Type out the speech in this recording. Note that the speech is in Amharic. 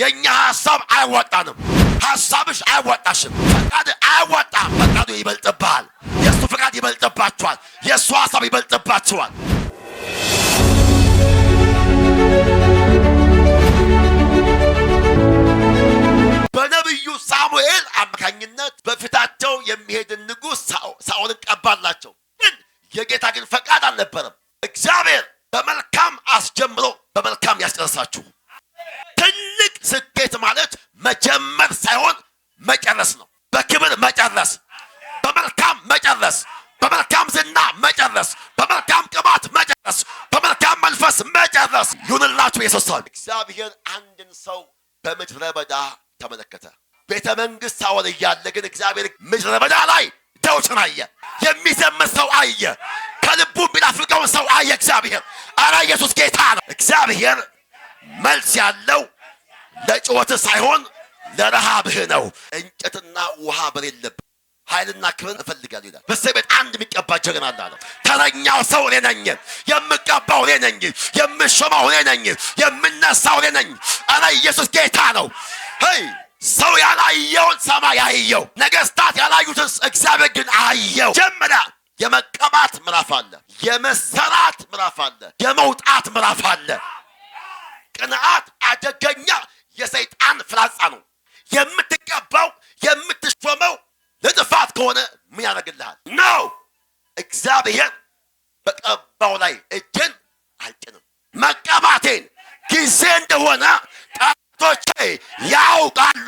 የእኛ ሀሳብ አይወጣንም። ሀሳብሽ አይወጣሽም። ፈቃድ አይወጣም። ፈቃዱ ይበልጥብሃል። የእሱ ፈቃድ ይበልጥባችኋል። የእሱ ሀሳብ ይበልጥባችኋል። በነቢዩ ሳሙኤል አማካኝነት በፊታቸው የሚሄድን ንጉሥ ሳኦልን ቀባላቸው። ግን የጌታ ግን ፈቃድ አልነበረም። እግዚአብሔር በመልካም አስጀምሮ በመልካም ያስጨርሳችሁ። መጀመር ሳይሆን መጨረስ ነው። በክብር መጨረስ፣ በመልካም መጨረስ፣ በመልካም ዝና መጨረስ፣ በመልካም ቅባት መጨረስ፣ በመልካም መንፈስ መጨረስ ይሁንላችሁ። የሰሳል እግዚአብሔር አንድን ሰው በምድረ በዳ ተመለከተ። ቤተ መንግሥት ሳወር እያለ ግን እግዚአብሔር ምድረ በዳ ላይ ዳዊትን አየ። የሚዘምር ሰው አየ። ከልቡ የሚናፍቀውን ሰው አየ። እግዚአብሔር አረ ኢየሱስ ጌታ ነው። እግዚአብሔር መልስ ያለው ለጭወትህ ሳይሆን ለረሃብህ ነው። እንጨትና ውሃ በሌለበት ኃይልና ክብር እፈልጋለሁ ይላል። በዚህ አንድ የሚቀባ ጀግና አለ። ተረኛው ሰው እኔ ነኝ፣ የምቀባው እኔ ነኝ፣ የምሾመው እኔ ነኝ፣ የምነሳው እኔ ነኝ። እረ ኢየሱስ ጌታ ነው። ሄይ ሰው ያላየውን ሰማይ ያየው፣ ነገስታት ያላዩትን እግዚአብሔር ግን አየው። ጀምራ የመቀባት ምዕራፍ አለ፣ የመሰራት ምዕራፍ አለ፣ የመውጣት ምዕራፍ አለ። ቅንዓት አደገኛ የሰይጣን ፍላጻ ነው። የምትቀባው የምትሾመው ለጥፋት ከሆነ ምን ያደርግልሃል ነው? እግዚአብሔር በቀባው ላይ እጅን አልጭንም። መቀባቴን ጊዜ እንደሆነ ጠላቶቼ ያውቃሉ።